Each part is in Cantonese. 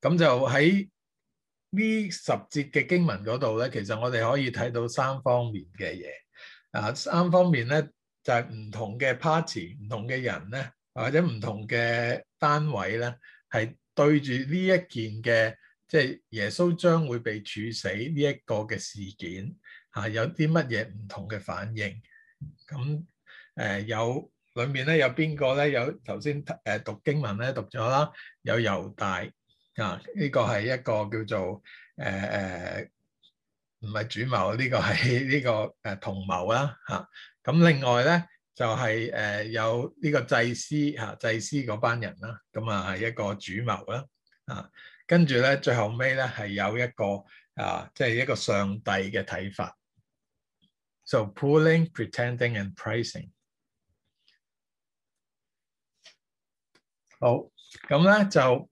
咁就喺呢十節嘅經文嗰度咧，其實我哋可以睇到三方面嘅嘢。啊，三方面咧就係唔同嘅 party，唔同嘅人咧，或者唔同嘅單位咧，係對住呢一件嘅即係耶穌將會被處死呢一個嘅事件嚇，有啲乜嘢唔同嘅反應。咁誒有裏面咧有邊個咧？有頭先誒讀經文咧讀咗啦，有猶大。啊！呢個係一個叫做誒誒，唔、呃、係主謀，呢、這個係呢個誒同謀啦嚇。咁、啊、另外咧就係、是、誒有呢個祭司嚇、啊、祭司嗰班人啦。咁啊係一個主謀啦啊。跟住咧最後尾咧係有一個啊，即、就、係、是、一個上帝嘅睇法。So pulling, pretending and pricing。好，咁咧就。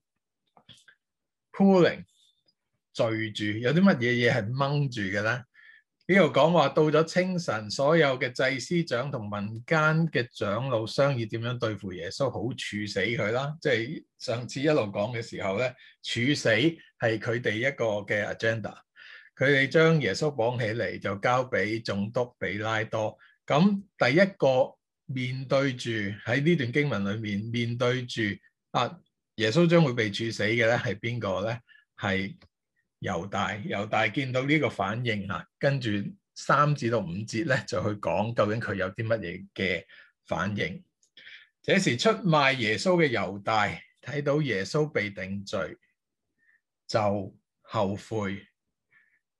箍凌聚住，有啲乜嘢嘢係掹住嘅咧？呢度講話到咗清晨，所有嘅祭司長同民間嘅長老商議點樣對付耶穌，好處死佢啦。即係上次一路講嘅時候咧，處死係佢哋一個嘅 agenda。佢哋將耶穌綁起嚟，就交俾總督比拉多。咁第一個面對住喺呢段經文裏面面對住阿。啊耶穌將會被處死嘅咧係邊個咧？係猶大。猶大見到呢個反應嚇，跟住三至到五節咧就去講究竟佢有啲乜嘢嘅反應。這時出賣耶穌嘅猶大，睇到耶穌被定罪，就後悔，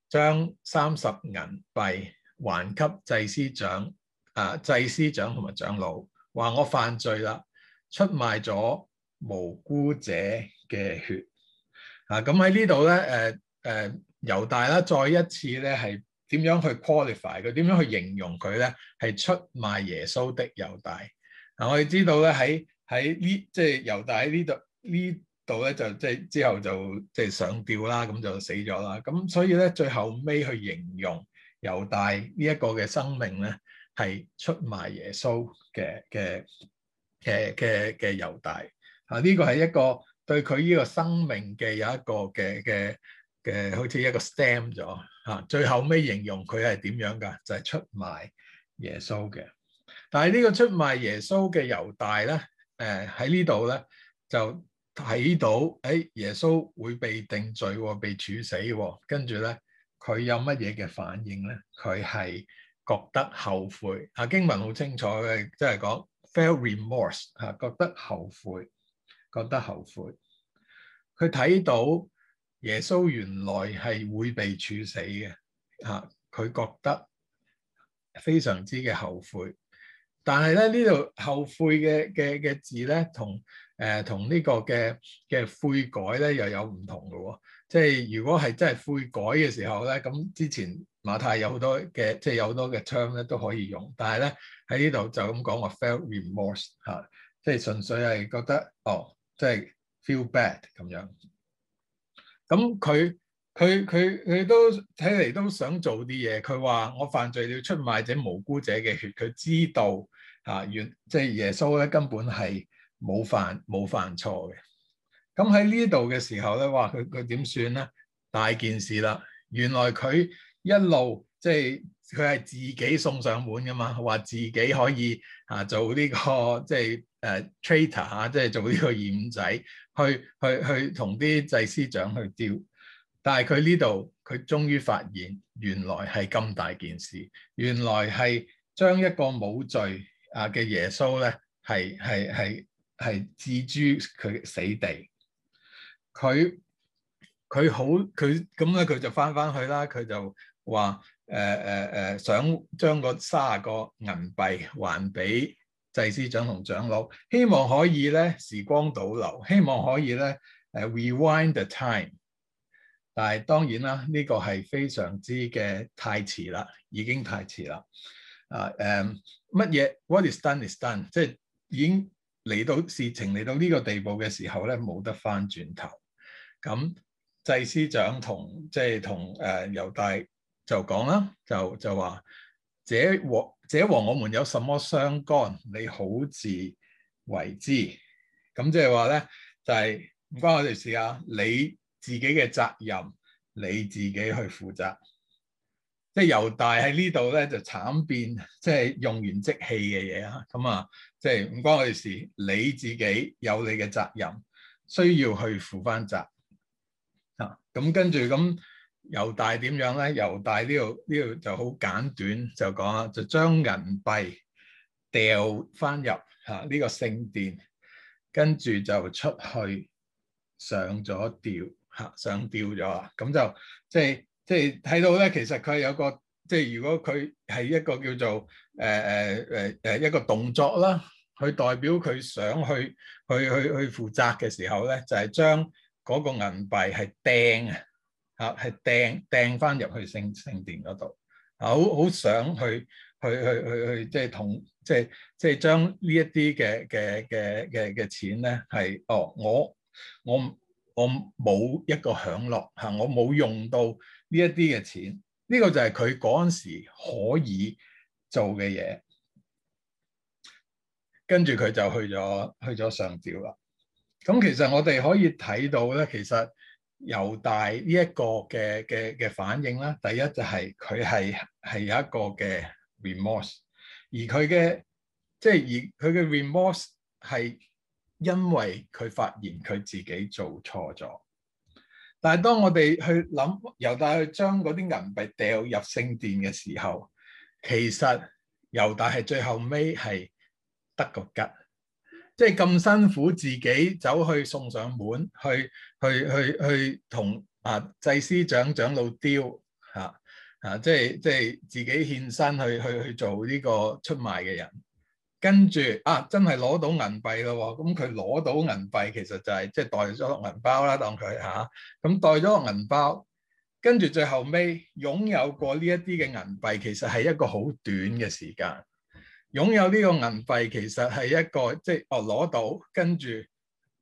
將三十銀幣還給祭司長啊，祭司長同埋長老話我犯罪啦，出賣咗無辜者嘅血啊！咁喺呢度咧，誒、啊、誒，猶、啊、大啦，再一次咧係點樣去 qualify 佢？點樣去形容佢咧？係出賣耶穌的猶大。嗱、啊，我哋知道咧喺喺呢即係猶大喺呢度呢度咧就即係之後就即係、就是、上吊啦，咁就死咗啦。咁所以咧最後尾去形容猶大呢一個嘅生命咧，係出賣耶穌嘅嘅嘅嘅嘅猶大。啊！呢、這個係一個對佢呢個生命嘅有一個嘅嘅嘅，好似一個 stamp 咗嚇。最後尾形容佢係點樣㗎？就係、是、出賣耶穌嘅。但係呢個出賣耶穌嘅猶大咧，誒、呃、喺呢度咧就睇到誒、哎、耶穌會被定罪、被處死。跟住咧佢有乜嘢嘅反應咧？佢係覺得後悔嚇、啊。經文好清楚嘅，即係講 feel remorse 嚇、啊，覺得後悔。覺得後悔，佢睇到耶穌原來係會被處死嘅，吓、啊、佢覺得非常之嘅後悔。但係咧呢度後悔嘅嘅嘅字咧，同誒、呃、同呢個嘅嘅悔改咧又有唔同嘅喎、哦。即係如果係真係悔改嘅時候咧，咁之前馬太有好多嘅，即係有好多嘅窗咧都可以用。但係咧喺呢度就咁講，我 felt remorse 吓、啊，即係純粹係覺得哦。即係 feel bad 咁樣，咁佢佢佢佢都睇嚟都想做啲嘢。佢話我犯罪了，出賣者無辜者嘅血。佢知道嚇，原即係耶穌咧根本係冇犯冇犯錯嘅。咁喺呢度嘅時候咧，哇！佢佢點算咧？大件事啦！原來佢一路即係。就是佢係自己送上門噶嘛，話自己可以啊做呢、這個即係誒 traitor 嚇，即、就、係、是、做呢個二五仔去去去同啲祭司長去招。但係佢呢度佢終於發現，原來係咁大件事，原來係將一個冇罪啊嘅耶穌咧，係係係係置諸佢死地。佢佢好佢咁咧，佢就返返去啦。佢就話。誒誒誒，想將嗰三十個銀幣還俾祭司長同長老，希望可以咧時光倒流，希望可以咧誒、uh, rewind the time。但係當然啦，呢、這個係非常之嘅太遲啦，已經太遲啦。啊、uh, 誒，乜嘢？What is done is done，即係已經嚟到事情嚟到呢個地步嘅時候咧，冇得翻轉頭。咁祭司長同即係同誒猶大。就講啦，就就話：這和這和我們有什麼相干？你好自為之。咁即係話咧，就係唔關我哋事啊！你自己嘅責任，你自己去負責。即係由大喺呢度咧，就慘變，即係用完即棄嘅嘢啊！咁啊，即係唔關我哋事，你自己有你嘅責任，需要去負翻責啊！咁跟住咁。猶大點樣咧？猶大呢度呢度就好簡短就講啦，就將銀幣掉翻入吓呢個聖殿，跟住就出去上咗吊吓上吊咗啊！咁就即係即係睇到咧，其實佢有個即係、就是、如果佢係一個叫做誒誒誒誒一個動作啦，去代表佢想去去去去負責嘅時候咧，就係將嗰個銀幣係掟啊！啊，係掟掟翻入去聖，聖殿嗰度，啊，好好想去去去去去，即係同即係即係將呢一啲嘅嘅嘅嘅嘅錢咧，係哦，我我我冇一個享樂嚇，我冇用到呢一啲嘅錢，呢、呢個就係佢嗰陣時可以做嘅嘢，跟住佢就去咗去咗上吊啦。咁其實我哋可以睇到咧，其實。猶大呢一個嘅嘅嘅反應啦，第一就係佢係係有一個嘅 remorse，而佢嘅即係而佢嘅 remorse 係因為佢發現佢自己做錯咗。但係當我哋去諗猶大去將嗰啲銀幣掉入聖殿嘅時候，其實猶大係最後尾係得個吉。即係咁辛苦自己走去送上門去，去去去去同啊祭司長長老雕、啊，嚇啊！即係即係自己獻身去去去做呢個出賣嘅人，跟住啊真係攞到銀幣咯喎！咁佢攞到銀幣，其實就係、是、即係袋咗個銀包啦，當佢嚇咁袋咗個銀包，跟住最後尾擁有過呢一啲嘅銀幣，其實係一個好短嘅時間。擁有呢個銀幣，其實係一個即係哦攞到，跟住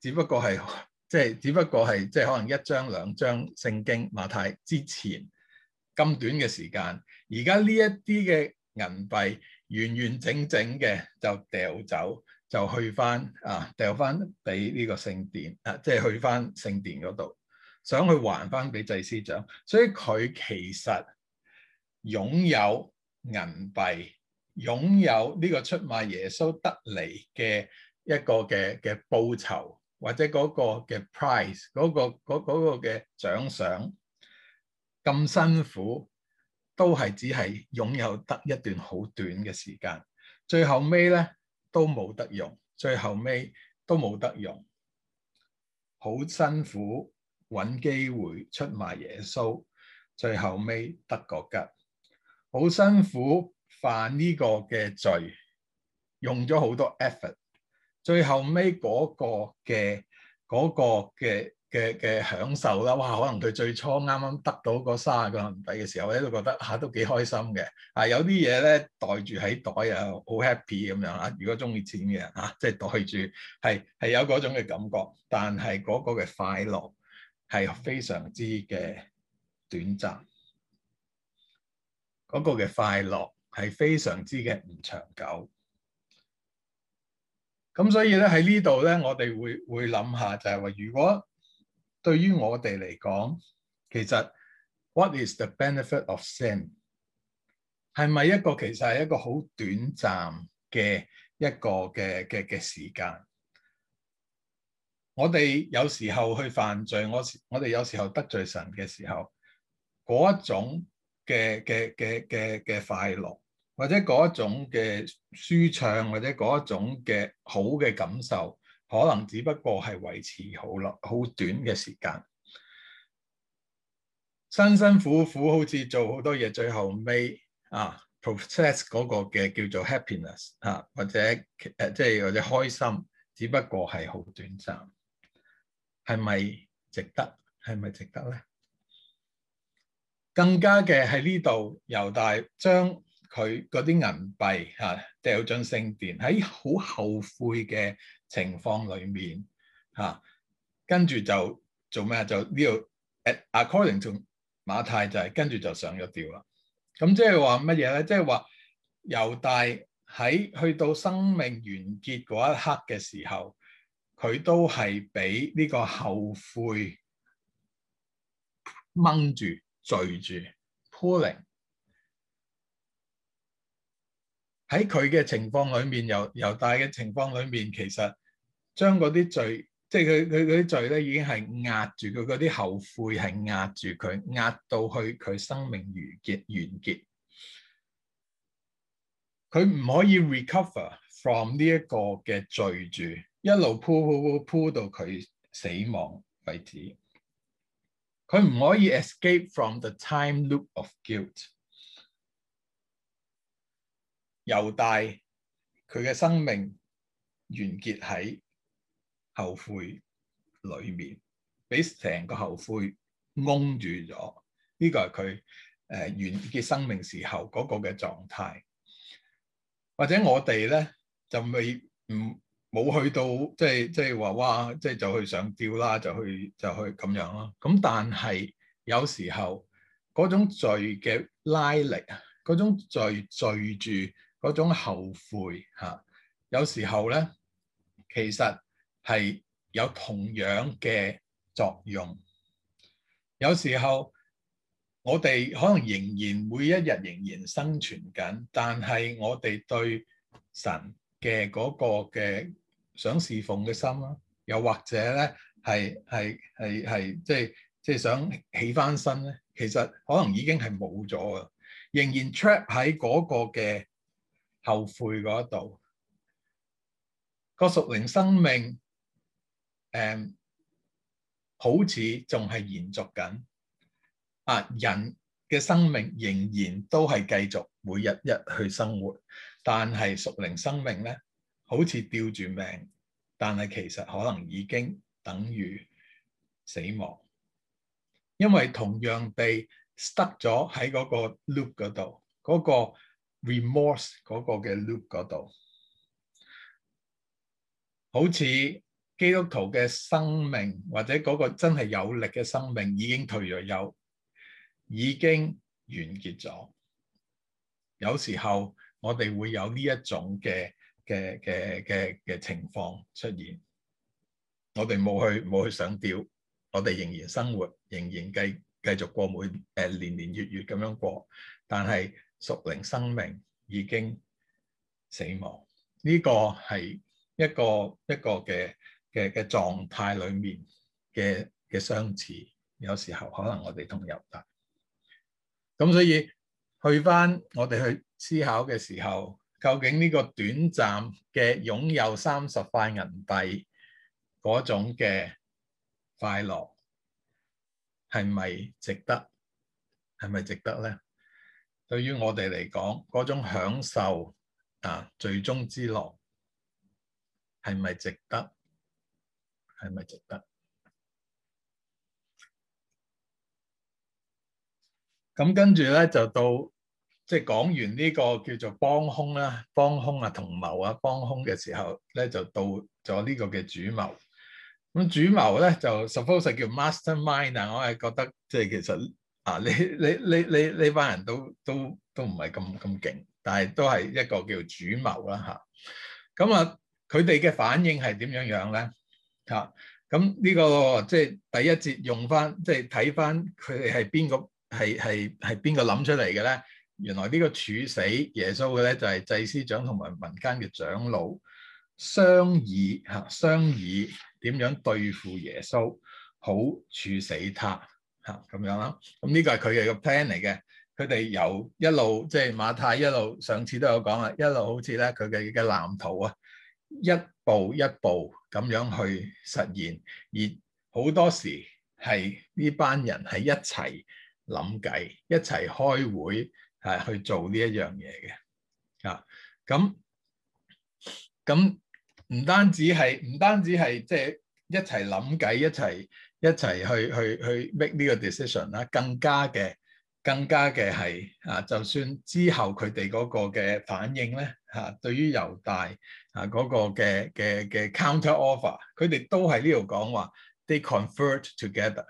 只不過係即係只不過係即係可能一張兩張聖經馬太之前咁短嘅時間，而家呢一啲嘅銀幣完完整整嘅就掉走，就去翻，啊掉翻俾呢個聖殿啊，即係、啊即係、去翻聖殿嗰度，想去還翻俾祭司長，所以佢其實擁有銀幣。擁有呢個出賣耶穌得嚟嘅一個嘅嘅報酬，或者嗰個嘅 price，嗰、嗰個嘅獎賞，咁、嗰個、辛苦都係只係擁有得一段好短嘅時間，最後尾咧都冇得用，最後尾都冇得用，好辛苦揾機會出賣耶穌，最後尾得個吉，好辛苦。犯呢個嘅罪，用咗好多 effort，最後尾嗰個嘅嗰個嘅嘅嘅享受啦，哇！可能佢最初啱啱得到嗰卅個銀幣嘅時候咧、啊，都覺得嚇都幾開心嘅。啊，有啲嘢咧，袋住喺袋又好 happy 咁樣啦、啊。如果中意錢嘅嚇、啊，即係袋住係係有嗰種嘅感覺，但係嗰個嘅快樂係非常之嘅短暫，嗰、嗰個嘅快樂。係非常之嘅唔長久，咁所以咧，喺呢度咧，我哋會會諗下就係話，如果對於我哋嚟講，其實 What is the benefit of sin？係咪一個其實係一個好短暫嘅一個嘅嘅嘅時間？我哋有時候去犯罪，我我哋有時候得罪神嘅時候，嗰一種嘅嘅嘅嘅嘅快樂。或者嗰一種嘅舒暢，或者嗰一種嘅好嘅感受，可能只不過係維持好耐、好短嘅時間。辛辛苦苦好似做好多嘢，最後尾啊，process 嗰個嘅叫做 happiness 啊，或者誒，即、啊、係、即係、或者開心，只不過係好短暫，係咪值得？係咪值得咧？更加嘅喺呢度由大將。佢嗰啲銀幣嚇掉進聖殿，喺好後悔嘅情況裏面嚇，啊，跟住就做咩？就呢、這、度、個、according to 馬太就係、是、跟住就上咗吊啦。咁即係話乜嘢咧？即係話猶大喺去到生命完結嗰一刻嘅時候，佢都係俾呢個後悔掹住聚住 pulling。喺佢嘅情況裏面，由由大嘅情況裏面，其實將嗰啲罪，即係佢佢嗰啲罪咧，已經係壓住佢嗰啲後悔壓他，係壓住佢，壓到去佢生命完結完結。佢唔可以 recover from 呢一個嘅罪住，一路鋪鋪鋪到佢死亡為止。佢唔可以 escape from the time loop of guilt。又帶佢嘅生命完結喺後悔裏面，俾成個後悔矇住咗。呢、這個係佢誒完結生命時候嗰個嘅狀態。或者我哋咧就未唔冇去到，即係即係話哇，即、就、係、是、就去上吊啦，就去就去咁樣咯。咁但係有時候嗰種罪嘅拉力啊，嗰種罪罪住。嗰種後悔吓，有時候咧，其實係有同樣嘅作用。有時候我哋可能仍然每一日仍然生存緊，但係我哋對神嘅嗰個嘅想侍奉嘅心啦，又或者咧係係係係即係即係想起翻身咧，其實可能已經係冇咗噶，仍然 trap 喺嗰個嘅。後悔嗰度，個屬靈生命，誒，好似仲係延續緊。啊，人嘅生命仍然都係繼續，每日日去生活，但係屬靈生命咧，好似吊住命，但係其實可能已經等於死亡，因為同樣地 stuck 咗喺嗰個 loop 嗰度，嗰個。remorse 嗰個嘅 loop 嗰度，好似基督徒嘅生命或者嗰個真係有力嘅生命已經退咗休，已經完結咗。有時候我哋會有呢一種嘅嘅嘅嘅嘅情況出現，我哋冇去冇去上吊，我哋仍然生活，仍然繼繼續過每誒年年月月咁樣過，但係，屬靈生命已經死亡，呢個係一個一個嘅嘅嘅狀態裏面嘅嘅相似，有時候可能我哋都入得。咁所以去翻我哋去思考嘅時候，究竟呢個短暫嘅擁有三十塊銀幣嗰種嘅快樂，係咪值得？係咪值得咧？對於我哋嚟講，嗰種享受啊，最終之樂係咪值得？係咪值得？咁跟住咧，就到即係講完呢個叫做幫兇啦，幫兇啊，同謀啊，幫兇嘅時候咧，就到咗呢個嘅主謀。咁主謀咧就 suppose 係叫 mastermind 啊，我係覺得即係其實。啊！你你你你呢班人都都都唔係咁咁勁，但係都係一個叫主謀啦嚇。咁啊，佢哋嘅反應係點樣樣咧？嚇、啊！咁呢、呢個即係、即係、第一節用翻，即係睇翻佢哋係邊個係係係邊個諗出嚟嘅咧？原來呢個處死耶穌嘅咧，就係祭司長同埋民間嘅長老商議嚇，商議點樣對付耶穌，好處死他。啊，咁樣啦，咁呢個係佢嘅個 plan 嚟嘅。佢哋由一路即係、就是、馬太一路上次都有講啦，一路好似咧佢嘅嘅藍圖啊，一步一步咁樣去實現。而好多時係呢班人係一齊諗計，一齊開會係去做呢一樣嘢嘅。啊，咁咁唔單止係唔單止係即係一齊諗計，一齊。一齊去去去 make 呢個 decision 啦，更加嘅更加嘅係啊，就算之後佢哋嗰個嘅反應咧嚇，對於猶大啊嗰個嘅嘅嘅 counter offer，佢哋都喺呢度講話，they conferred together。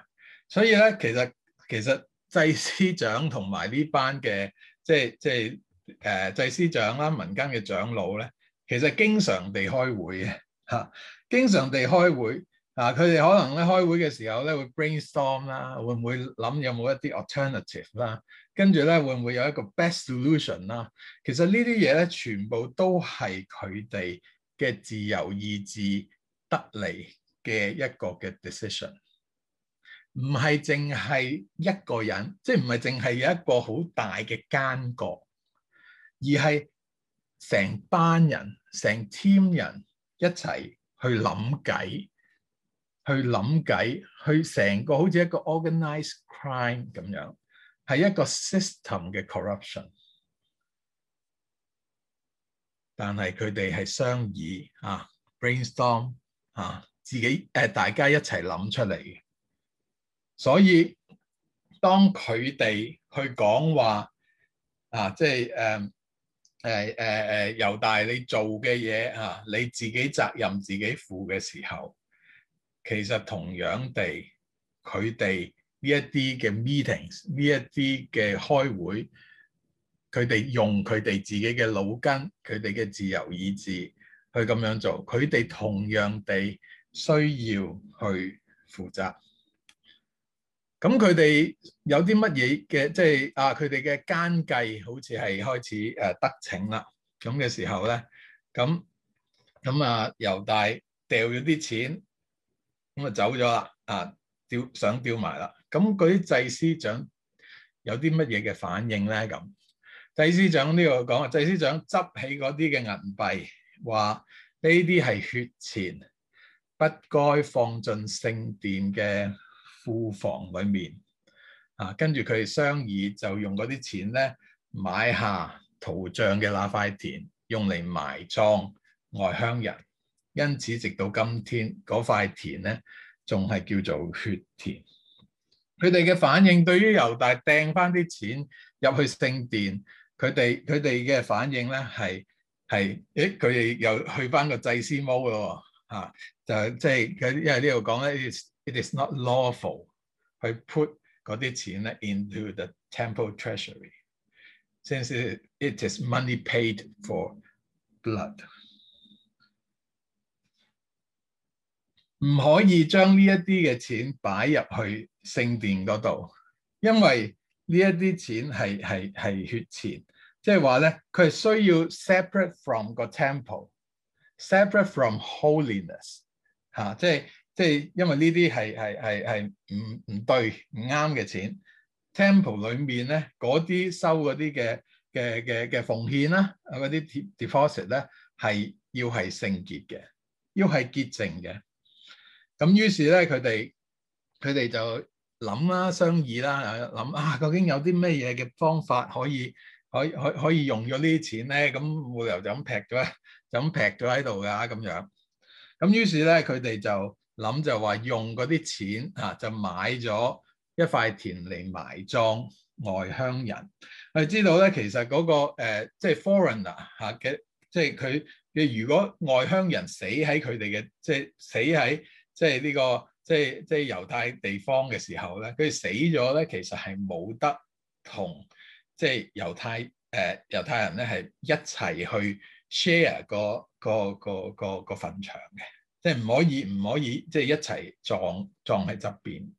所以咧，其實其實祭司長同埋呢班嘅即係即係誒祭司長啦，民間嘅長老咧，其實經常地開會嘅嚇，經常地開會。啊！佢哋可能咧開會嘅時候咧，會 brainstorm 啦，會唔會諗有冇一啲 alternative 啦？跟住咧，會唔會有一個 best solution 啦？其實呢啲嘢咧，全部都係佢哋嘅自由意志得嚟嘅一個嘅 decision，唔係淨係一個人，即係唔係淨係有一個好大嘅間隔，而係成班人、成 team 人一齊去諗計。去諗計，去成個好似一個 organized crime 咁樣，係一個 system 嘅 corruption。但係佢哋係商議啊，brainstorm 啊，自己、誒、大家一齊諗出嚟。所以當佢哋去講話啊，即係、誒誒誒誒、由大你做嘅嘢啊，你自己責任自己負嘅時候。其實同樣地，佢哋呢一啲嘅 meetings，呢一啲嘅開會，佢哋用佢哋自己嘅腦筋，佢哋嘅自由意志去咁樣做。佢哋同樣地需要去負責。咁佢哋有啲乜嘢嘅，即係啊，佢哋嘅奸計好似係開始誒得逞啦。咁嘅時候咧，咁咁啊，猶大掉咗啲錢。咁啊走咗啦，啊掉想掉埋啦。咁嗰啲祭司長有啲乜嘢嘅反應咧？咁祭司長呢個講啊，祭司長執起嗰啲嘅銀幣，話呢啲係血錢，不該放進聖殿嘅庫房裏面。啊，跟住佢哋商議就用嗰啲錢咧買下陶匠嘅那塊田，用嚟埋葬外鄉人。因此，直到今天嗰塊田咧，仲係叫做血田。佢哋嘅反應對於猶大掟翻啲錢入去聖殿，佢哋佢哋嘅反應咧係係，誒佢哋又去翻個祭司廟咯嚇，就即係佢因為呢度講咧，It is not lawful 去 put 嗰啲錢咧 into the temple treasury，since it, it is money paid for blood。唔可以將呢一啲嘅錢擺入去聖殿嗰度，因為呢一啲錢係係係血錢，即係話咧，佢係需要 separate from 個 temple，separate、mm -hmm. from holiness，吓、啊，即係即係因為呢啲係係係係唔唔對唔啱嘅錢。Mm -hmm. temple 裏面咧嗰啲收嗰啲嘅嘅嘅嘅奉獻啦、啊，啊嗰啲 deposit 咧係要係聖潔嘅，要係潔淨嘅。咁於是咧，佢哋佢哋就諗啦，商議啦，諗啊，究竟有啲咩嘢嘅方法可以可以可可以用咗呢啲錢咧？咁冇理由就咁劈咗，就咁劈咗喺度㗎咁樣。咁於是咧，佢哋就諗就話用嗰啲錢啊，就買咗一塊田嚟埋葬外鄉人。佢知道咧，其實嗰、那個即係、呃就是、foreigner 啊嚇嘅，即係佢嘅如果外鄉人死喺佢哋嘅，即、就、係、是、死喺。即係呢個，即係即係猶太地方嘅時候咧，佢死咗咧，其實係冇得同即係猶太、呃、猶太人咧係一齊去 share，個個個個個墳場嘅，即係唔可以唔可以即係一齊撞葬喺側邊。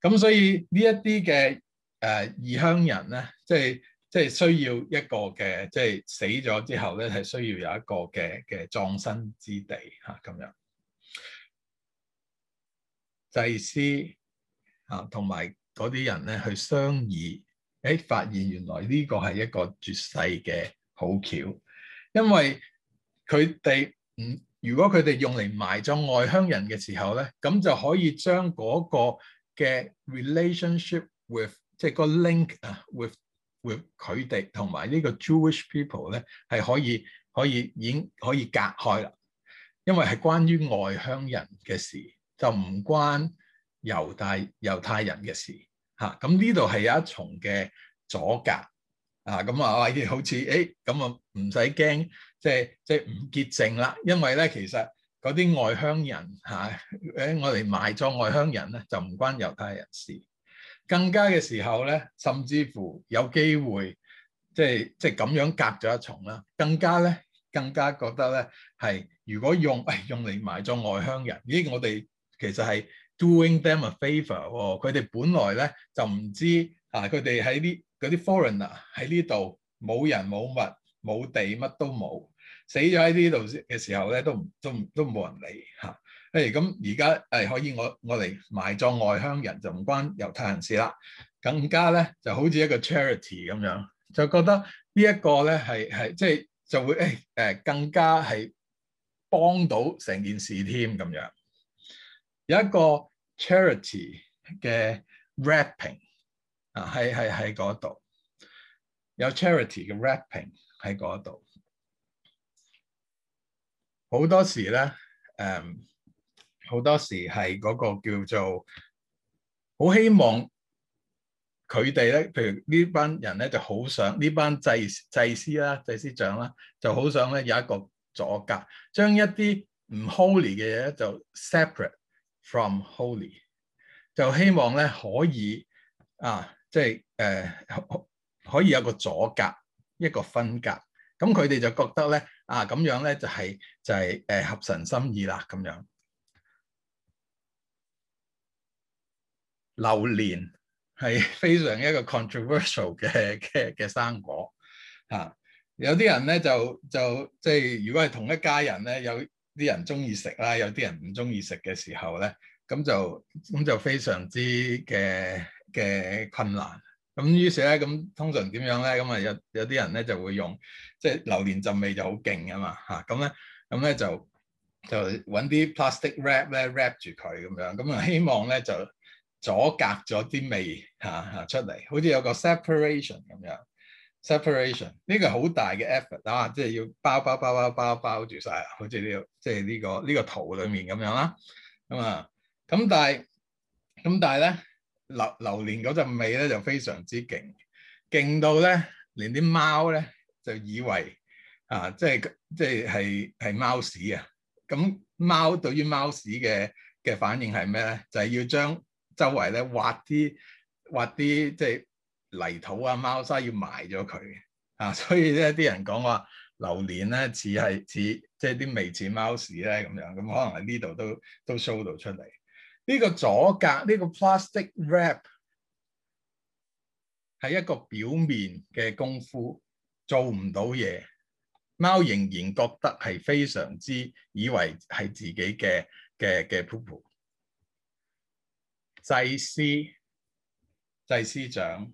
咁所以呢一啲嘅、呃、異鄉人咧，即係即係需要一個嘅，即係死咗之後咧係需要有一個嘅嘅葬身之地吓，咁樣祭司啊，同埋嗰啲人咧，去商議，誒、欸，發現原來呢個係一個絕世嘅好橋，因為佢哋唔如果佢哋用嚟埋葬外鄉人嘅時候咧，咁就可以將嗰個嘅 relationship with 即係個 link 啊，with with 佢哋同埋呢個 Jewish people 咧，係可以可以已經可以隔開啦，因為係關於外鄉人嘅事。就唔關猶大猶太人嘅事嚇，咁呢度係有一重嘅阻隔啊！咁啊，好似誒咁啊，唔使驚，即係即係唔潔淨啦。因為咧，其實嗰啲外鄉人嚇，誒、啊哎、我哋埋葬外鄉人咧，就唔關猶太人事。更加嘅時候咧，甚至乎有機會，即係即係咁樣隔咗一重啦。更加咧，更加覺得咧係，如果用、哎、用嚟埋葬外鄉人，咦，我哋？其實係 doing them a favour 哦，佢哋本來咧就唔知啊，佢哋喺呢啲 foreigner 喺呢度，冇人冇物冇地乜都冇，死咗喺呢度嘅時候咧都唔都都冇人理嚇。誒咁而家誒可以我我嚟埋葬外鄉人就唔關猶太人事啦，更加咧就好似一個 charity 咁樣，就覺得這呢一個咧係係即係就會誒誒、哎、更加係幫到成件事添咁樣。有一個 charity 嘅 wrapping 啊，喺喺喺嗰度有 charity 嘅 wrapping 喺嗰度，好多時咧誒，好多時係嗰個叫做好希望佢哋咧，譬如呢班人咧就好想呢班祭祭司啦、祭司長啦，就好想咧有一個阻隔，將一啲唔 holy 嘅嘢就 separate。From Holy 就希望咧可以啊，即係誒可以有一個阻隔，一個分隔，咁佢哋就覺得咧啊咁樣咧就係、是、就係、是、誒合神心意啦咁樣，榴蓮係非常一個 controversial 嘅嘅嘅生果啊，有啲人咧就就即係、就是、如果係同一家人咧有。啲人中意食啦，有啲人唔中意食嘅時候咧，咁就咁就非常之嘅嘅困難。咁於是咧，咁通常點樣咧？咁啊有有啲人咧就會用，即係榴蓮陣味就好勁啊嘛嚇。咁咧咁咧就就揾啲 plastic wrap 咧 wrap 住佢咁樣，咁啊希望咧就阻隔咗啲味吓，嚇出嚟，好似有個 separation 咁樣。Separation 呢個好大嘅 effort 啊，即係要包包包包包包住曬，好似呢個即係呢個呢個圖裡面咁樣啦。咁啊，咁但係咁但係咧，榴榴蓮嗰陣味咧就非常之勁，勁到咧連啲貓咧就以為啊，即係即係係係貓屎啊。咁貓對於貓屎嘅嘅反應係咩咧？就係要將周圍咧挖啲挖啲即係。就是泥土啊，貓砂要埋咗佢啊，所以咧啲人講話榴槤咧似係似即係啲味似貓屎咧咁樣，咁可能喺呢度都都 show 到出嚟。呢、這個阻隔呢、這個 plastic wrap 係一個表面嘅功夫，做唔到嘢，貓仍然覺得係非常之以為係自己嘅嘅嘅 poo poo。祭司，祭司長。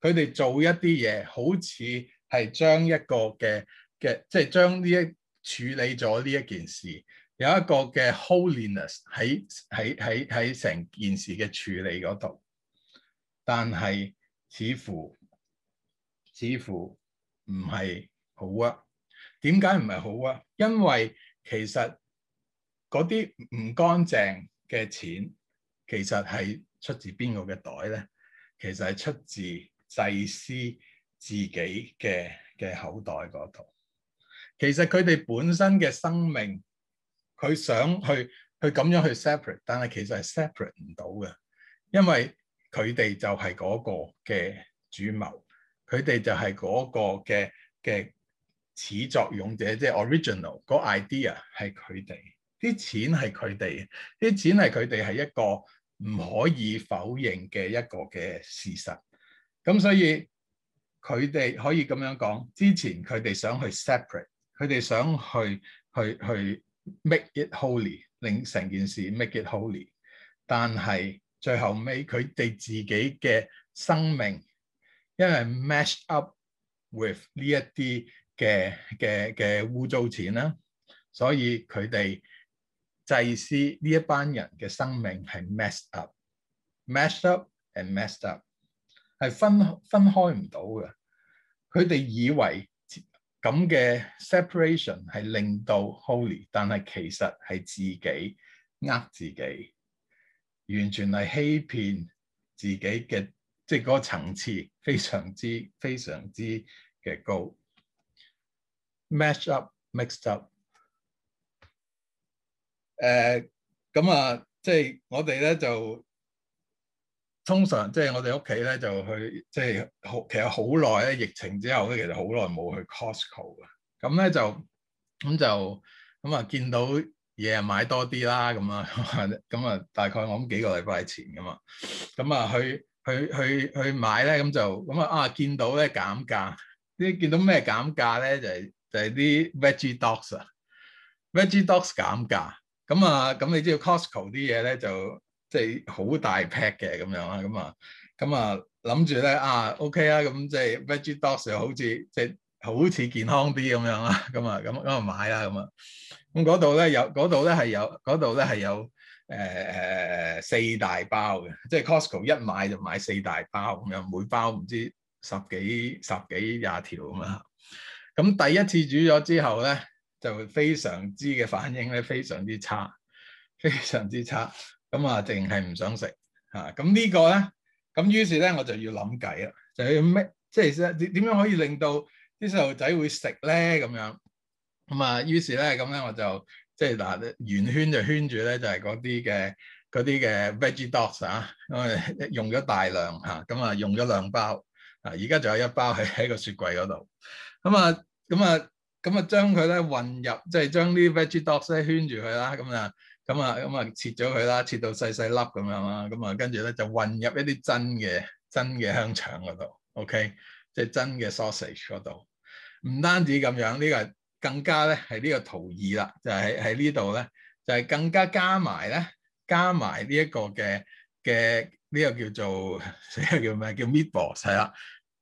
佢哋做一啲嘢，好似係將一個嘅嘅，即係將呢一處理咗呢一件事，有一個嘅 holiness 喺喺喺喺成件事嘅處理嗰度，但係似乎似乎唔係好啊？點解唔係好啊？因為其實嗰啲唔乾淨嘅錢其實係出自邊個嘅袋咧？其實係出自哪個袋。其實是出自祭司自己嘅嘅口袋嗰度，其實佢哋本身嘅生命，佢想去去咁樣去 separate，但係其實係 separate 唔到嘅，因為佢哋就係嗰個嘅主謀，佢哋就係嗰個嘅嘅始作俑者，即係 original 嗰 idea 係佢哋，啲錢係佢哋，啲錢係佢哋係一個唔可以否認嘅一個嘅事實。咁所以佢哋可以咁樣講，之前佢哋想去 separate，佢哋想去去去 make it holy，令成件事 make it holy，但係最後尾佢哋自己嘅生命因為 mash up with 呢一啲嘅嘅嘅污糟錢啦，所以佢哋祭司呢一班人嘅生命係 mash up mash up and messed up。係分分開唔到嘅，佢哋以為咁嘅 separation 係令到 holy，但係其實係自己呃自己，完全係欺騙自己嘅，即係嗰個層次非常之非常之嘅高。 Mash up, mixed up、呃。誒，咁啊，即、就、係、是、我哋咧就。通常即係、就是、我哋屋企咧就去即係好，其實好耐咧，疫情之後咧其實好耐冇去 Costco 嘅。咁咧就咁就咁啊，見到嘢買多啲啦咁啊咁啊，大概我諗幾個禮拜前㗎嘛。咁啊去去去去買咧，咁就咁啊啊見到咧減價，啲見到咩減價咧就係、是、就係啲 veggie dogs 啊，veggie dogs 減價。咁啊咁，你知道 Costco 啲嘢咧就～即係、啊 OK，好大 p a 劈嘅咁樣啦，咁啊咁啊諗住咧啊，OK 啦，咁即係 vegetable 又好似即係好似健康啲咁樣啦，咁啊咁咁啊買啦咁啊咁嗰度咧有嗰度咧係有嗰度咧係有誒誒、呃、四大包嘅，即、就、係、是、Costco 一買就買四大包咁樣，每包唔知十幾，十幾十幾廿條咁啊。咁第一次煮咗之後咧，就會非常之嘅反應咧，非常之差，非常之差。咁啊，淨係唔想食吓，咁呢個咧，咁於是咧我就要諗計啦，就要、是、咩？即係點樣可以令到啲細路仔會食咧？咁樣咁啊，於是咧咁咧，我就即係嗱，就是、圓圈，圈，圈就圈住咧，就係嗰啲嘅嗰啲嘅 veggie dogs 啊，用咗大量，咁啊用咗兩包，啊而家仲有一包喺喺個雪櫃嗰度，咁啊咁啊咁啊將佢咧混入，即、就、係、是、將啲 veggie dogs 咧圈住佢啦，咁啊～咁、嗯、啊，咁、嗯、啊，切咗佢啦，切到細細粒咁樣，係咁啊，跟住咧就混入一啲真嘅真嘅香腸嗰度，OK，即係真嘅 sausage 嗰度。唔單止咁樣，呢、這個更加咧係呢這個圖意啦，就喺、是、喺呢度咧，就係、是、更加加埋咧，加埋呢一個嘅嘅呢個叫做呢個叫咩叫 meatballs 係啦。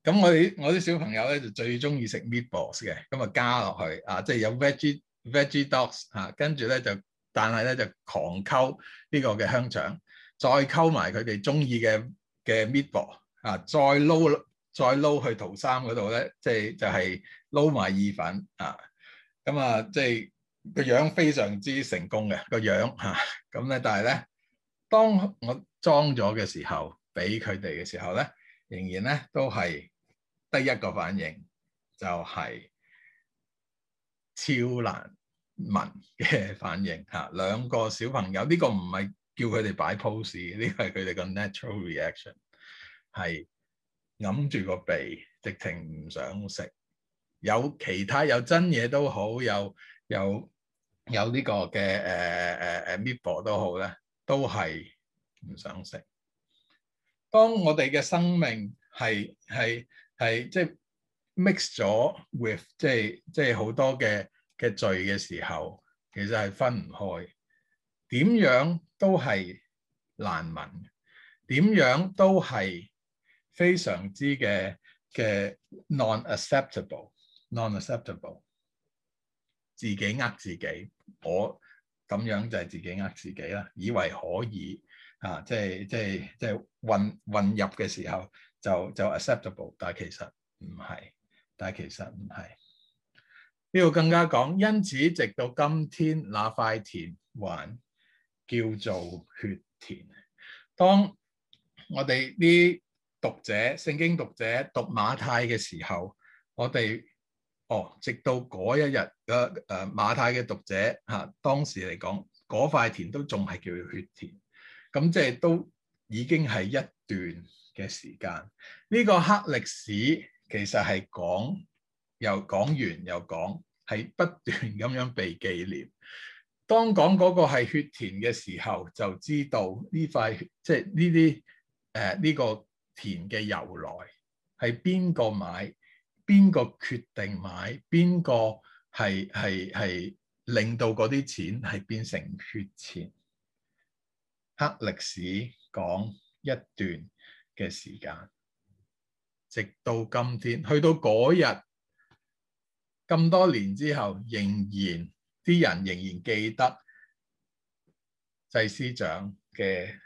咁我哋我啲小朋友咧就最中意食 meatballs 嘅，咁、嗯、啊加落去啊，即、就、係、是、有 veggie veggie dogs 嚇、啊，跟住咧就。但係咧就狂溝呢個嘅香腸，再溝埋佢哋中意嘅嘅 Meatball 啊，再撈再撈去圖三嗰度咧，即係就係撈埋意粉啊，咁啊即係個樣非常之成功嘅個樣嚇，咁、啊、咧但係咧當我裝咗嘅時候，俾佢哋嘅時候咧，仍然咧都係得一個反應，就係、是、超難。文嘅反應嚇，兩個小朋友呢個唔係叫佢哋擺 pose，呢個係佢哋嘅 natural reaction，係揞住個鼻，直情唔想食。有其他有真嘢都好，有有有呢個嘅誒誒誒 midball 都好咧，都係唔想食。當我哋嘅生命係係係即係 mix 咗 with 即係即係好多嘅。嘅罪嘅時候，其實係分唔開，點樣都係難民，點樣都係非常之嘅嘅 non acceptable，non acceptable，自己呃自己，我咁樣就係自己呃自己啦，以為可以啊，即係即係即係混混入嘅時候就就 acceptable，但係其實唔係，但係其實唔係。呢度更加講，因此直到今天，那塊田還叫做血田。當我哋啲讀者、聖經讀者讀馬太嘅時候，我哋哦，直到嗰一日嘅誒馬太嘅讀者嚇，當時嚟講，嗰塊田都仲係叫做血田。咁即係都已經係一段嘅時間。呢、這個黑歷史其實係講又講完又講。係不斷咁樣被紀念。當講嗰個係血田嘅時候，就知道呢塊即係呢啲誒呢個田嘅由來係邊個買，邊個決定買，邊個係係係令到嗰啲錢係變成血錢。黑歷史講一段嘅時間，直到今天去到嗰日。咁多年之後，仍然啲人仍然記得祭司長嘅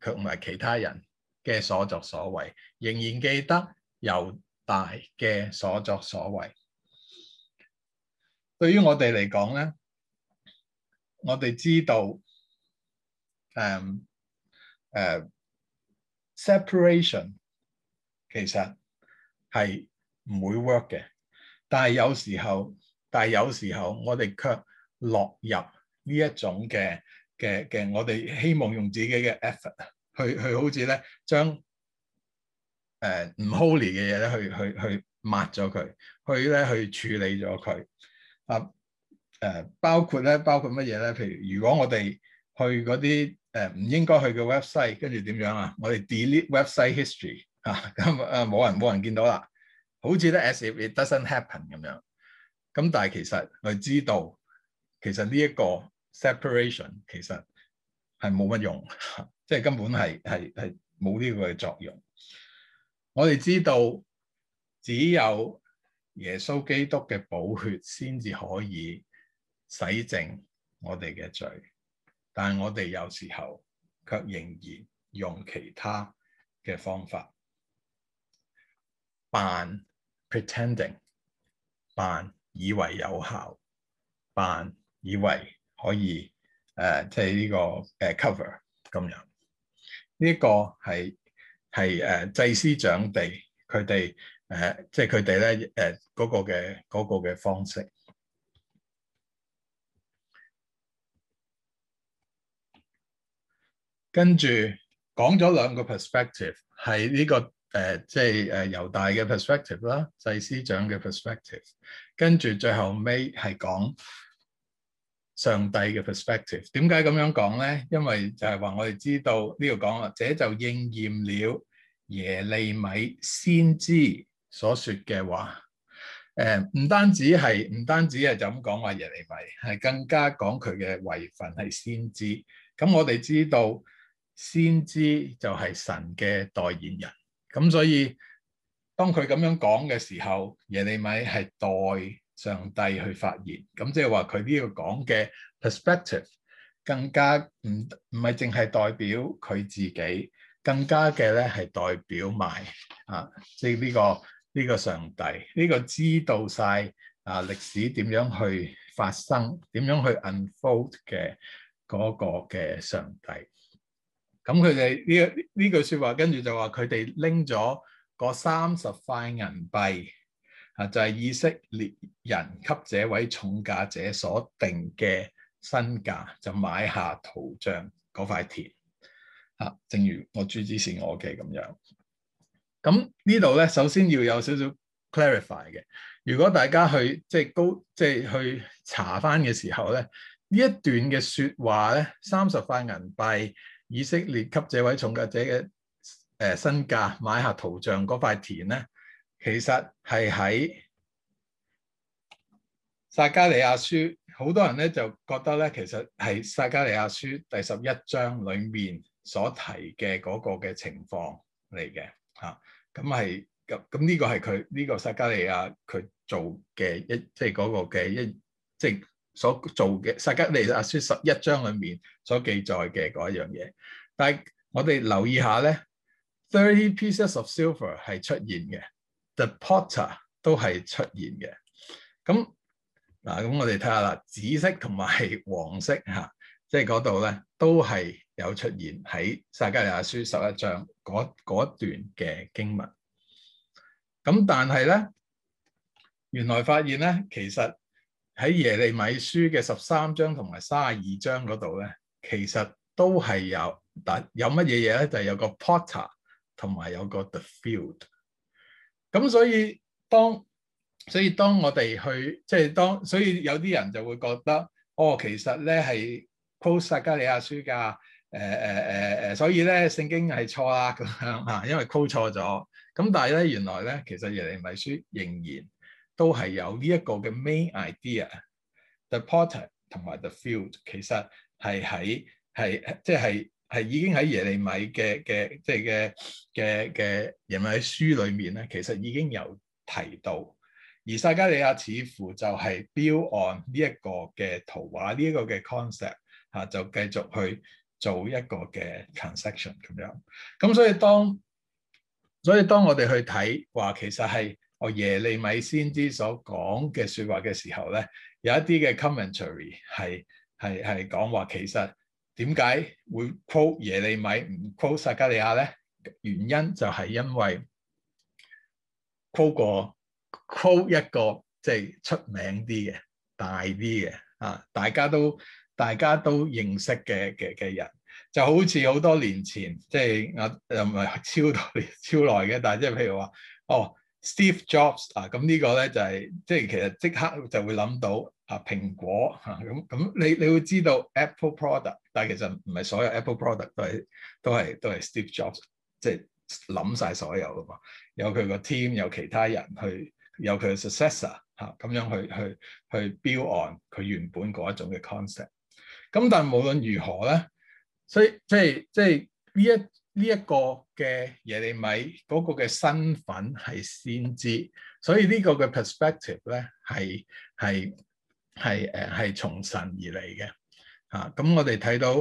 佢唔係其他人嘅所作所為，仍然記得猶大嘅所作所為。對於我哋嚟講咧，我哋知道誒誒，separation 其實係唔會 work 嘅。但係有時候，但係有時候我哋卻，我哋卻落入呢一種嘅嘅嘅，我哋希望用自己嘅 effort 去去好似咧將誒唔 holy 嘅嘢咧去去去抹咗佢，去咧去處理咗佢啊誒、呃、包括咧包括乜嘢咧？譬如如果我哋去嗰啲誒唔應該去嘅 website，跟住點樣啊？我哋 delete website history 嚇、啊，咁誒冇人冇人見到啦。好似咧，as if it doesn't happen 咁樣。咁但係其實我哋知道，其實呢一個 separation 其實係冇乜用，即係根本係係係冇呢個嘅作用。我哋知道只有耶穌基督嘅寶血先至可以洗淨我哋嘅罪，但係我哋有時候卻仍然用其他嘅方法扮。Pretending 扮以為有效，扮以為可以誒，即係呢個誒、呃、cover 咁樣。呢、呢個係係誒祭司長哋，佢哋誒，即係佢哋咧誒嗰個嘅嗰個嘅、嗰個、方式。跟住講咗兩個 perspective，係呢、呢個。誒、呃，即係誒，猶大嘅 perspective 啦，祭司長嘅 perspective，跟住最後尾係講上帝嘅 perspective。點解咁樣講咧？因為就係話我哋知道呢度講啦，這個、者就應驗了耶利米先知所說嘅話。誒、呃，唔單止係唔單止係就咁講話耶利米，係更加講佢嘅位份係先知。咁我哋知道先知就係神嘅代言人。咁所以當佢咁樣講嘅時候，耶利米係代上帝去發言。咁即係話佢呢個講嘅 perspective 更加唔唔係淨係代表佢自己，更加嘅咧係代表埋啊，即係呢個呢個上帝呢個知道晒啊歷史點樣去發生，點樣去 unfold 嘅嗰個嘅上帝。咁佢哋呢呢句説話，跟住就話佢哋拎咗個三十塊銀幣，啊，就係，是，以色列人給這位重價者所定嘅身價，就買下圖像嗰塊田，啊，正如我朱子善我嘅咁樣。咁呢度咧，首先要有少少 clarify 嘅。如果大家去即係，就是，高，即，就，係，是去查翻嘅時候咧，呢一段嘅説話咧，三十塊銀幣。以色列給這位重價者嘅誒、呃、身價買下圖像嗰塊田咧，其實係喺撒加利亞書。好多人咧就覺得咧，其實係撒加利亞書第十一章裡面所提嘅嗰個嘅情況嚟嘅嚇，咁係咁咁，呢個係佢呢個撒加利亞佢做嘅一即係嗰個嘅一即。就是所做嘅《撒迦利亞書》十一章裏面所記載嘅嗰一樣嘢，但係我哋留意下咧，thirty pieces of silver 係出現嘅，the potter 都係出現嘅。咁嗱，咁我哋睇下啦，紫色同埋黃色吓，即係嗰度咧都係有出現喺《撒迦利亞書》十一章嗰嗰一段嘅經文。咁但係咧，原來發現咧，其實。喺耶利米書嘅十三章同埋三十二章嗰度咧，其實都係有，但有乜嘢嘢咧？就係、是、有個 potter 同埋有個 the field。咁所以當，所以當我哋去，即、就、係、是、當，所以有啲人就會覺得，哦，其實咧係 post 撒迦利亞書㗎，誒誒誒誒，所以咧聖經係錯啦咁樣嚇，因為 call 錯咗。咁但係咧，原來咧其實耶利米書仍然。都係有呢一個嘅 main idea，the Potter 同埋 the field 其實係喺係即係係已經喺耶利米嘅嘅即係嘅嘅嘅耶利米書裏面咧，其實已經有提到。而撒迦利亞似乎就係 build on 呢一個嘅圖畫，呢、這、一個嘅 concept 嚇就繼續去做一個嘅 transaction 咁樣。咁所以當所以當我哋去睇話，其實係。我耶利米先知所講嘅説話嘅時候咧，有一啲嘅 commentary 係係係講話，其實點解會 quote 耶利米唔 quote 撒迦利亞咧？原因就係因為 quote 過 quote 一個即係出名啲嘅大啲嘅啊，大家都大家都認識嘅嘅嘅人，就好似好多年前即係啊，又唔係超多年超耐嘅，但係即係譬如話哦。Steve Jobs 啊、就是，咁呢個咧就係即係其實即刻就會諗到啊蘋果嚇咁，咁你你會知道 Apple product，但係其實唔係所有 Apple product 都係都係都係 Steve Jobs 即係諗晒所有噶嘛，有佢個 team，有其他人，其他人他的去，有佢 successor 嚇咁樣去去去 build on 佢原本嗰一種嘅 concept。咁但係無論如何咧，所以即係即係呢一呢、這、一個嘅耶利米嗰個嘅身份係先知，所以個呢個嘅 perspective 咧係係係誒係從神而嚟嘅嚇。咁我哋睇到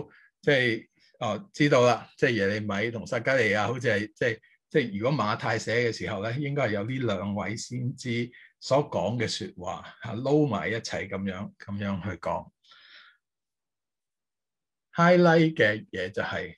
即係哦知道啦，即係耶利米同撒迦利亞好似係、就是、即係即係如果馬太寫嘅時候咧，應該係有呢兩位先知所講嘅説話嚇撈埋一齊咁樣咁樣去講。Highlight 嘅嘢就係、是。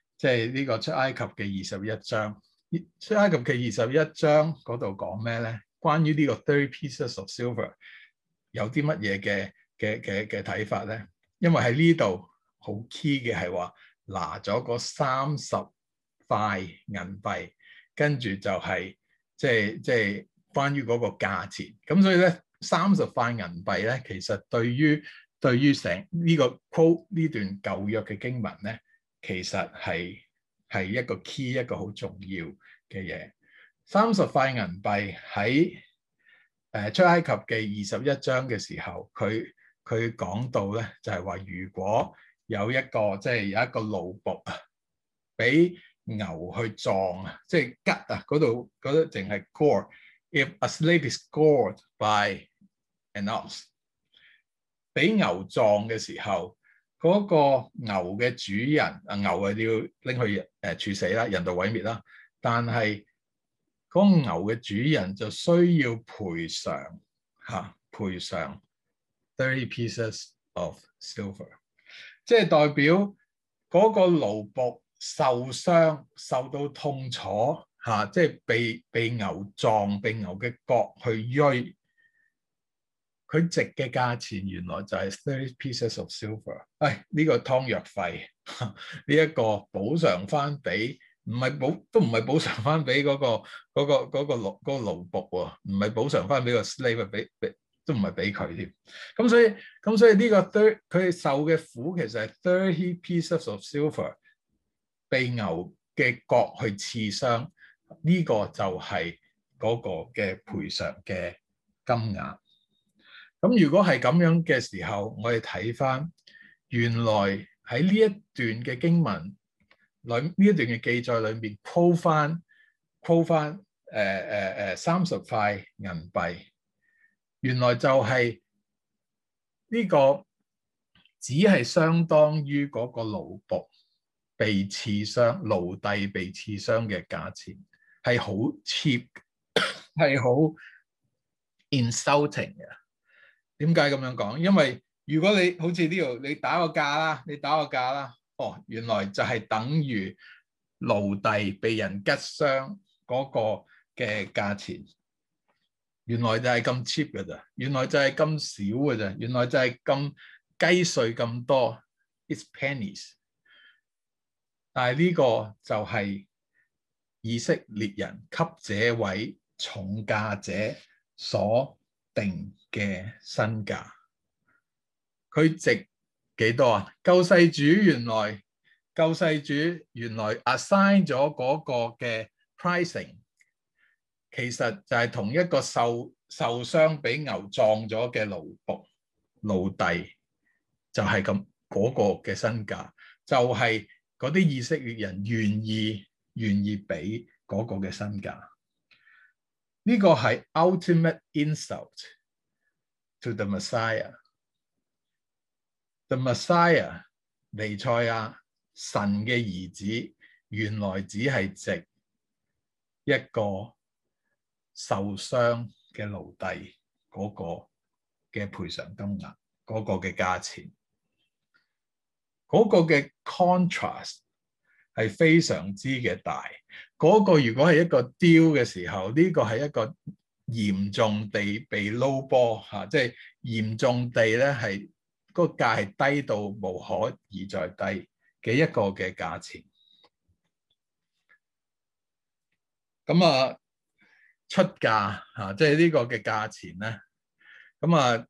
即係呢個出埃及嘅二十一章，出埃及嘅二十一章嗰度講咩咧？關於呢個 thirty pieces of silver 有啲乜嘢嘅嘅嘅嘅睇法咧？因為喺呢度好 key 嘅係話拿咗嗰三十塊銀幣，跟住就係即係即係關於嗰個價錢。咁所以咧，三十塊銀幣咧，其實對於對於成呢個 quote 呢段舊約嘅經文咧。其實係係一個 key，一個好重要嘅嘢。三十塊銀幣喺誒出埃及記二十一章嘅時候，佢佢講到咧，就係、是、話如果有一個即係、就是、有一個奴僕啊，俾牛去撞啊，即係吉啊嗰度嗰度淨係 gored If a slave is gored by an ox，俾牛撞嘅時候。嗰、那個牛嘅主人，啊牛啊要拎去處死啦，人道毀滅啦。但係嗰個牛嘅主人就需要賠償嚇、啊，賠償 thirty pieces of silver，即係代表嗰個奴僕受傷、受到痛楚、啊、即係被被牛撞、被牛嘅角去鋸。佢值嘅價錢原來就係 thirty pieces of silver、哎。喂，呢個湯藥費，呢一個補償翻俾唔係補都唔係補償翻俾嗰個嗰、嗰個嗰、嗰個奴僕喎，唔係補償翻俾個 slave 俾俾都唔係俾佢添。咁所以咁所以呢個 thirty 佢受嘅苦其實係 thirty pieces of silver 被牛嘅角去刺傷，呢個就係嗰個嘅賠償嘅金額。咁如果係咁樣嘅時候，我哋睇翻，原來喺呢一段嘅經文，裏呢一段嘅記載裏面，鋪翻鋪翻，誒誒誒三十塊銀幣，原來就係呢個只係相當於嗰個奴僕被刺傷、奴隸被刺傷嘅價錢，係好 cheap，係好 insulting 嘅。點解咁樣講？因為如果你好似呢度，你打個價啦，你打個價啦，哦，原來就係等於奴隸被人吉傷嗰個嘅價錢，原來就係咁 cheap 㗎啫，原來就係咁少㗎啫，原來就係咁雞碎咁多，it's pennies。但係呢個就係以色列人給這位重價者所定嘅身價，佢值幾多啊？救世主原來，救世主原來 assign 咗嗰個嘅 pricing，其實就係同一個受受傷俾牛撞咗嘅奴僕奴隸，就係咁嗰個嘅身價，就係嗰啲以色列人願意願意俾嗰個嘅身價，呢個係 ultimate insult。to the Messiah，the Messiah 彌賽亞神嘅兒子，原來只係值一個受傷嘅奴隸嗰個嘅賠償金額，嗰、那個嘅價錢，嗰、那個嘅 contrast 係非常之嘅大。嗰、那個如果係一個 deal 嘅時候，呢、這個係一個。嚴重地被撈波嚇，即係嚴重地咧，係個價係低到無可再低嘅一個嘅價錢。咁啊，出價嚇，即係呢個嘅價錢咧。咁啊，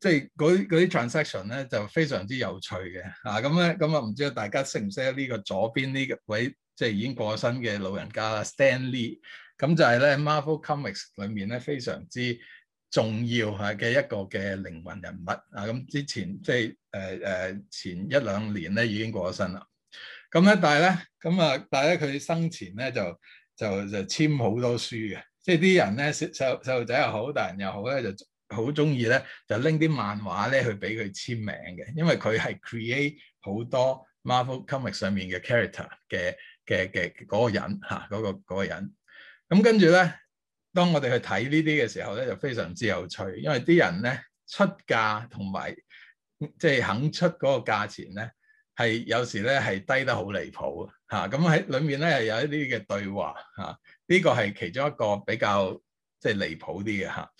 即係嗰啲啲 transaction 咧，就非常之有趣嘅。啊，咁咧，咁啊，唔知道大家識唔識呢個左邊呢個位？即係已經過咗身嘅老人家啦 Stan Lee，咁就係咧 Marvel Comics 裏面咧非常之重要嚇嘅一個嘅靈魂人物啊！咁之前即係誒誒前一兩年咧已經過咗身啦。咁咧但係咧咁啊，但係咧佢生前咧就就就簽好多書嘅，即係啲人咧細細細路仔又好，大人又好咧就好中意咧就拎啲漫畫咧去俾佢簽名嘅，因為佢係 create 好多 Marvel Comics 上面嘅 character 嘅。嘅嘅嗰個人嚇，嗰個嗰個人，咁跟住咧，當我哋去睇呢啲嘅時候咧，就非常之有趣，因為啲人咧出價同埋即係肯出嗰個價錢咧，係有時咧係低得好離譜嚇。咁、啊、喺裏面咧係有一啲嘅對話嚇，呢、啊這個係其中一個比較即係離譜啲嘅嚇。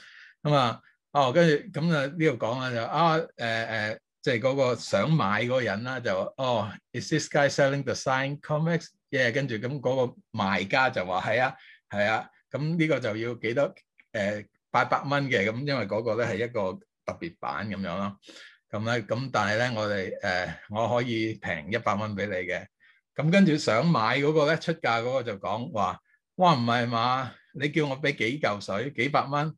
咁啊哦，跟住咁啊呢度講啦就啊誒誒，即係嗰個想買嗰個人啦就哦，is this guy selling the signed comics？即係跟住咁嗰個賣家就話，係啊係啊，咁呢個就要幾多，誒八百蚊嘅，咁因為嗰個咧係一個特別版咁樣咯。咁咧咁但係咧我哋誒我可以平一百蚊俾你嘅。咁跟住想買嗰個咧出價嗰個就講話，哇唔係嘛？你叫我俾幾嚿水幾百蚊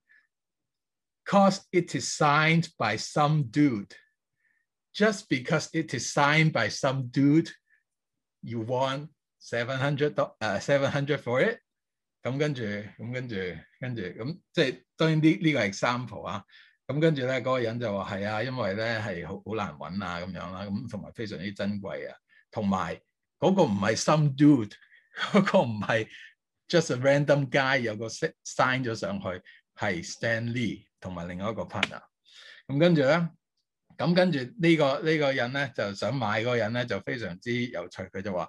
？Cause it is signed by some dude. Just because it is signed by some dude, you want? Seven hundred 多，誒 seven hundred for it？咁跟住，咁跟住，跟住，咁即係當然呢呢個係 example 啊。咁跟住咧，嗰個人就話係啊，因為咧係好好難揾啊，咁樣啦，咁同埋非常之珍貴啊。同埋嗰個唔係 some dude，嗰個唔係 just a random guy，有個 sign 咗上去係 Stan Lee 同埋另外一個 partner。咁跟住咧、這個，咁跟住呢個呢個人咧就想買嗰個人咧就非常之有趣，佢就話。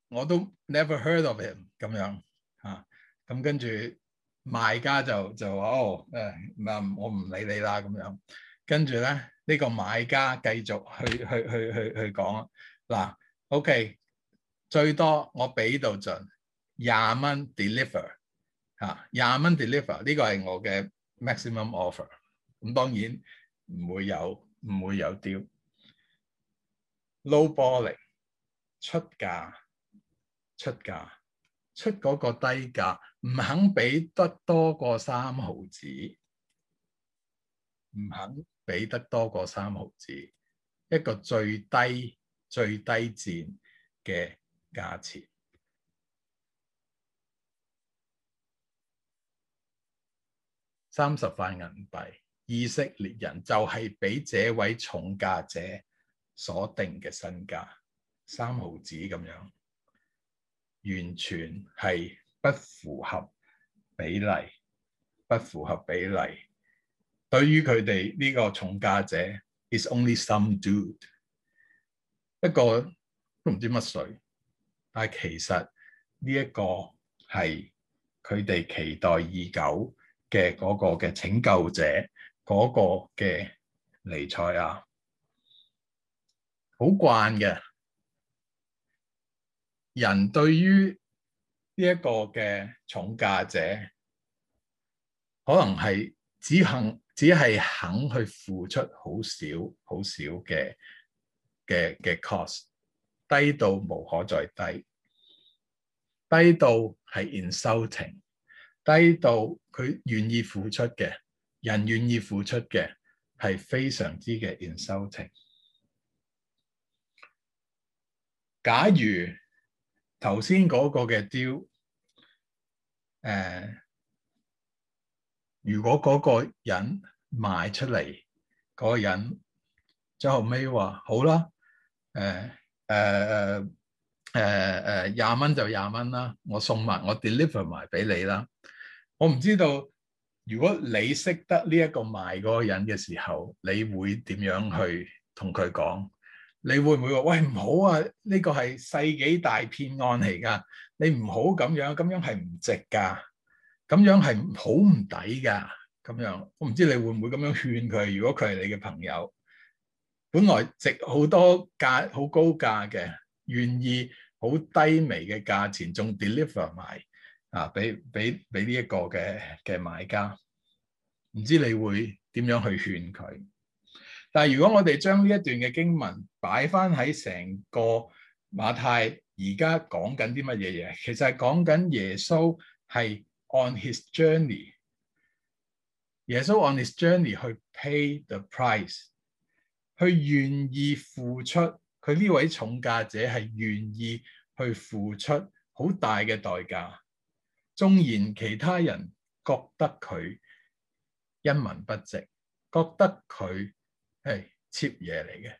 我都 never heard of him 咁樣嚇，咁、啊、跟住賣家就就話哦，誒唔我唔理你啦咁樣。跟住咧呢、呢個買家繼續去去去去去講嗱、啊，OK 最多我俾到盡廿蚊 deliver 嚇、啊，廿蚊 deliver 呢個係我嘅 maximum offer。咁當然唔會有唔會有丟 low balling 出價。出價出嗰個低價，唔肯俾得多過三毫子，唔肯俾得多過三毫子，一個最低最低賤嘅價錢，三十塊銀幣。以色列人就係俾這位重價者所定嘅身價，三毫子咁樣。完全係不符合比例，不符合比例。對於佢哋呢個重價者，It's only some dude，一個都唔知乜水，但係其實呢一個係佢哋期待已久嘅嗰個嘅拯救者，嗰、嗰個嘅彌賽亞，好慣嘅。人對於呢一個嘅重價者，可能係只肯只係肯去付出好少好少嘅嘅嘅 cost，低到無可再低，低到係 insulting，低到佢願意付出嘅人願意付出嘅係非常之嘅 insulting。假如頭先嗰個嘅 deal，誒，如果嗰個人賣出嚟，嗰、嗰個人最後尾話好啦，誒誒誒誒廿蚊就廿蚊啦，我送埋，我 deliver 埋俾你啦。我唔知道，如果你識得呢一個賣嗰個人嘅時候，你會點樣去同佢講？嗯你會唔會話，喂，唔好啊？呢個係世紀大騙案嚟噶，你唔好咁樣，咁樣係唔值噶，咁樣係好唔抵噶。咁樣我唔知你會唔會咁樣勸佢。如果佢係你嘅朋友，本來值好多價、好高價嘅，願意好低微嘅價錢仲 deliver 埋啊，俾俾俾呢一個嘅嘅買家，唔知你會點樣去勸佢？但係如果我哋將呢一段嘅經文，擺翻喺成個馬太而家講緊啲乜嘢嘢？其實係講緊耶穌係 on his journey，耶穌 on his journey 去 pay the price，去願意付出。佢呢位重價者係願意去付出好大嘅代價，縱然其他人覺得佢一文不值，覺得佢係 cheap 嘢嚟嘅。哎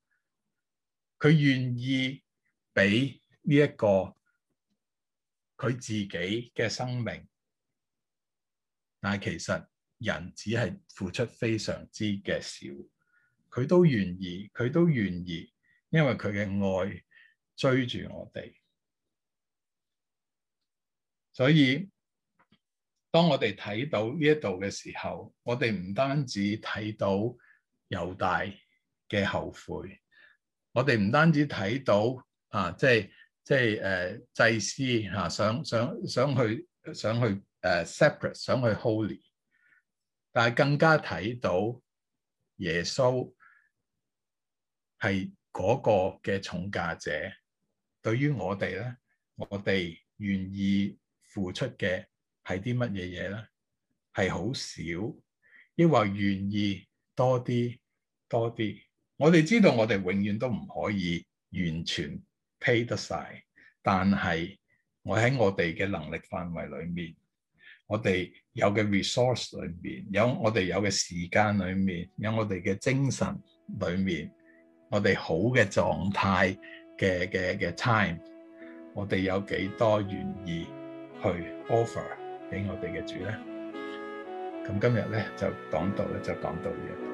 佢願意俾呢一個佢自己嘅生命，但係其實人只係付出非常之嘅少，佢都願意，佢都願意，因為佢嘅愛追住我哋。所以當我哋睇到呢一度嘅時候，我哋唔單止睇到猶大嘅後悔。我哋唔單止睇到啊，即係即係誒、啊、祭司嚇、啊，想想想去想去誒、啊、separate，想去 holy，但係更加睇到耶穌係嗰個嘅重價者。對於我哋咧，我哋願意付出嘅係啲乜嘢嘢咧，係好少，抑或願意多啲多啲。我哋知道，我哋永遠都唔可以完全 pay 得晒。但係我喺我哋嘅能力範圍裏面，我哋有嘅 resource 裏面，有我哋有嘅時間裏面，有我哋嘅精神裏面，我哋好嘅狀態嘅嘅嘅 time，我哋有幾多願意去 offer 俾我哋嘅主咧？咁今日咧就講到咧，就講到呢。就